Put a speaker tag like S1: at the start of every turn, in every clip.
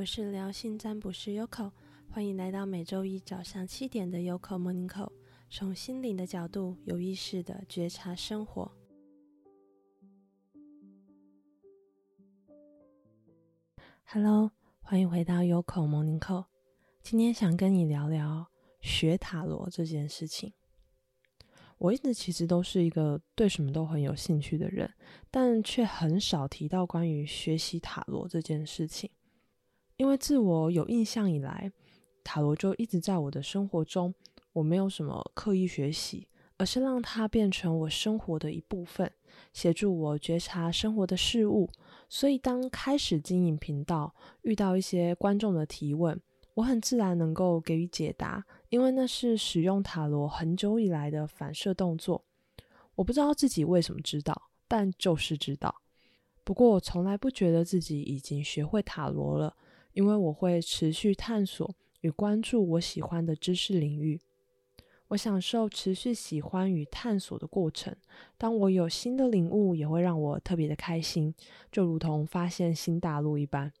S1: 我是療心占卜師 Yoko，歡迎來到每周一早上七點的 Yoko Morning Call，從心靈的角度有意識的覺察生活。Hello，歡迎回到 Yoko Morning Call，今天想跟你聊聊學塔羅這件事情。我一直其實都是一個對什麼都很有興趣的人，但卻很少提到關於學習塔羅這件事情。因為自我有印象以來，塔羅就一直在我的生活中。我沒有什麼刻意學習，而是讓它變成我生活的一部分，協助我覺察生活的事物。所以，當開始經營頻道，遇到一些觀眾的提問，我很自然能夠給予解答，因為那是使用塔羅很久以來的反射動作。我不知道自己為什麼知道，但就是知道。不過，我從來不覺得自己已經學會塔羅了。因為我會持續探索與關注我喜歡的知識領域，我享受持續喜歡與探索的過程。當我有新的領悟，也會讓我特別的開心，就如同發現新大陸一般。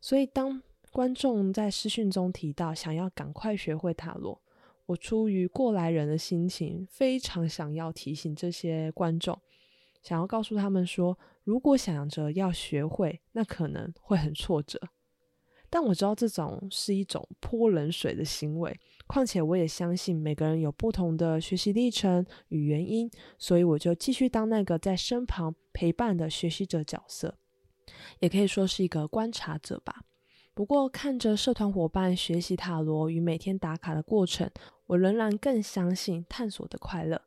S1: 所以，當觀眾在私訊中提到想要趕快學會塔羅，我出於過來人的心情，非常想要提醒這些觀眾，想要告訴他們說，如果想着要學會，那可能會很挫折。但我知道這種是一種潑冷水的行為，況且我也相信每個人有不同的學習歷程與原因，所以我就繼續當那個在身旁陪伴的學習者角色，也可以說是一個觀察者吧。不過看着社團夥伴學習塔羅與每天打卡的過程，我仍然更相信探索的快樂，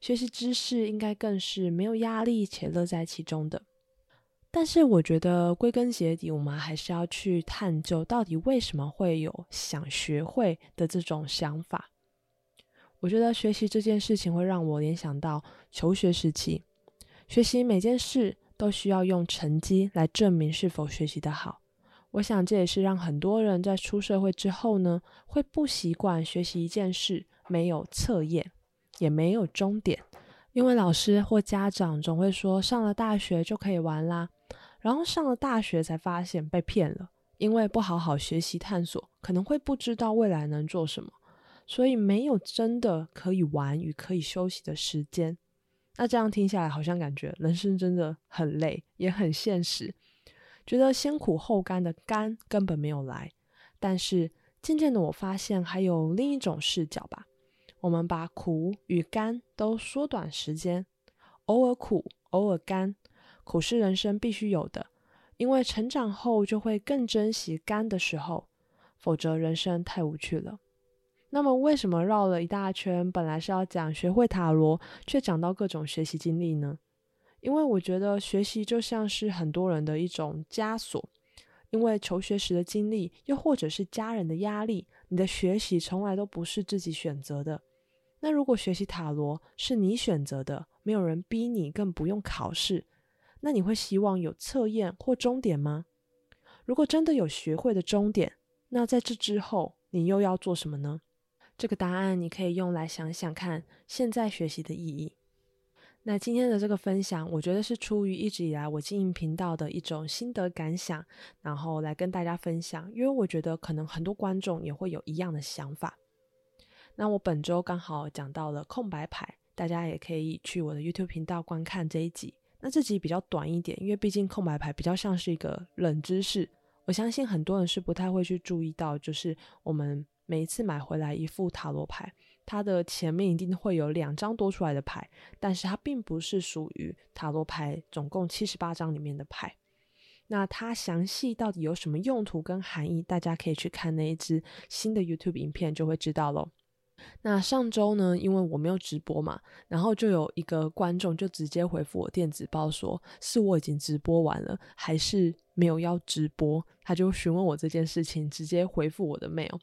S1: 學習知識應該更是沒有壓力且樂在其中的。但是我覺得，歸根結底，我們還是要去探究到底為什麼會有想學會的這種想法。我覺得學習這件事情會讓我聯想到求學時期，學習每件事都需要用成績來證明是否學習的好。我想這也是讓很多人在出社會之後呢，會不習慣學習一件事沒有測驗，也沒有終點，因為老師或家長總會說，上了大學就可以玩啦。然後上了大學才發現被騙了，因為不好好學習探索，可能會不知道未來能做什麼，所以沒有真的可以玩與可以休息的時間。那這樣聽下來，好像感覺人生真的很累，也很現實，覺得先苦後甘的甘根本沒有來。但是漸漸的，我發現還有另一種視角吧，我們把苦與甘都縮短時間，偶爾苦，偶爾甘。苦是人生必須有的，因為成長後就會更珍惜甘的時候，否則人生太無趣了。那麼，為什麼繞了一大圈，本來是要講學會塔羅，卻講到各種學習經歷呢？因為我覺得學習就像是很多人的一種枷鎖，因為求學時的經歷，又或者是家人的壓力，你的學習從來都不是自己選擇的。那如果學習塔羅是你選擇的，沒有人逼你，更不用考試。那你會希望有測驗或終點嗎？如果真的有學會的終點，那在這之後你又要做什麼呢？這個答案你可以用來想想看現在學習的意義。那今天的這個分享，我覺得是出於一直以來我經營頻道的一種心得感想，然後來跟大家分享。因為我覺得可能很多觀眾也會有一樣的想法。那我本週剛好講到了空白牌，大家也可以去我的 YouTube 頻道觀看這一集。那這集比較短一點，因為畢竟空白牌比較像是一個冷知識，我相信很多人是不太會去注意到，就是我們每一次買回來一副塔羅牌，它的前面一定會有兩張多出來的牌，但是它並不是屬於塔羅牌總共七十八張裡面的牌。那它詳細到底有什麼用途跟含義，大家可以去看那一支新的 YouTube 影片，就會知道嘍。那上週呢，因為我沒有直播嘛，然後就有一個觀眾就直接回復我電子報說，說是我已經直播完了，還是沒有要直播，他就詢問我這件事情，直接回復我的 mail。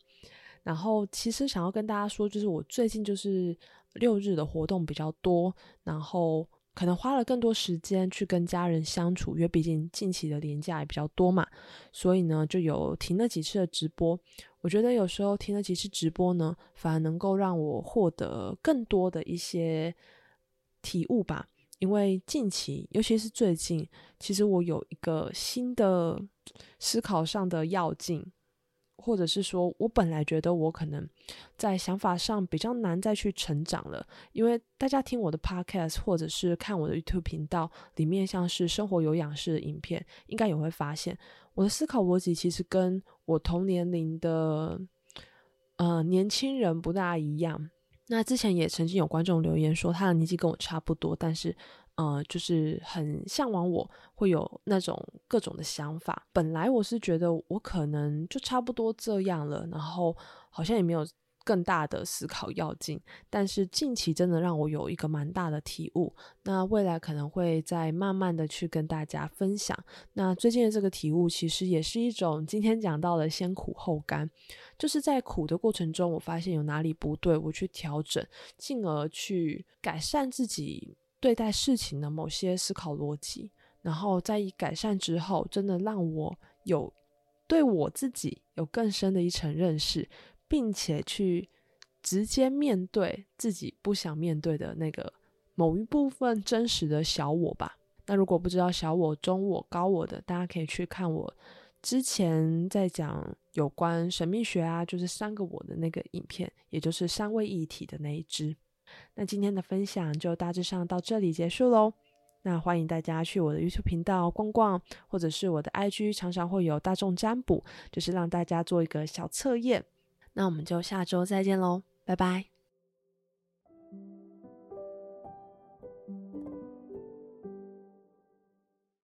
S1: 然後其實想要跟大家說，就是我最近就是六日的活動比較多，然後。可能花了更多時間去跟家人相處，因為畢竟近期的年假也比較多嘛，所以呢就有停了幾次的直播。我覺得有時候停了幾次直播呢，反而能夠讓我獲得更多的一些體悟吧。因為近期，尤其是最近，其實我有一個新的思考上的要進。或者是說，我本來覺得我可能在想法上比較難再去成長了，因為大家聽我的 podcast，或者是看我的 YouTube 頻道裡面，像是生活有氧式的影片，應該也會發現我的思考邏輯其實跟我同年齡的，呃，年輕人不大一樣。那之前也曾經有觀眾留言說，他的年紀跟我差不多，但是。呃，就是很嚮往我，我會有那種各種的想法。本來我是覺得我可能就差不多這樣了，然後好像也沒有更大的思考要勁。但是近期真的讓我有一個蠻大的體悟，那未來可能會再慢慢的去跟大家分享。那最近的這個體悟其實也是一種今天講到的先苦後甘，就是在苦的過程中，我發現有哪裡不對，我去調整，進而去改善自己。對待事情的某些思考邏輯，然後在一改善之後，真的讓我有對我自己有更深的一層認識，並且去直接面對自己不想面對的那個某一部分真實的小我吧。那如果不知道小我、中我、高我的，大家可以去看我之前在講有關神秘學啊，就是三個我的那個影片，也就是三位一體的那一支。那今天的分享就大致上到這裡結束嘍。那歡迎大家去我的 YouTube 頻道逛逛，或者是我的 IG，常常會有大眾占卜，就是讓大家做一個小測驗。那我們就下周再見嘍，拜拜。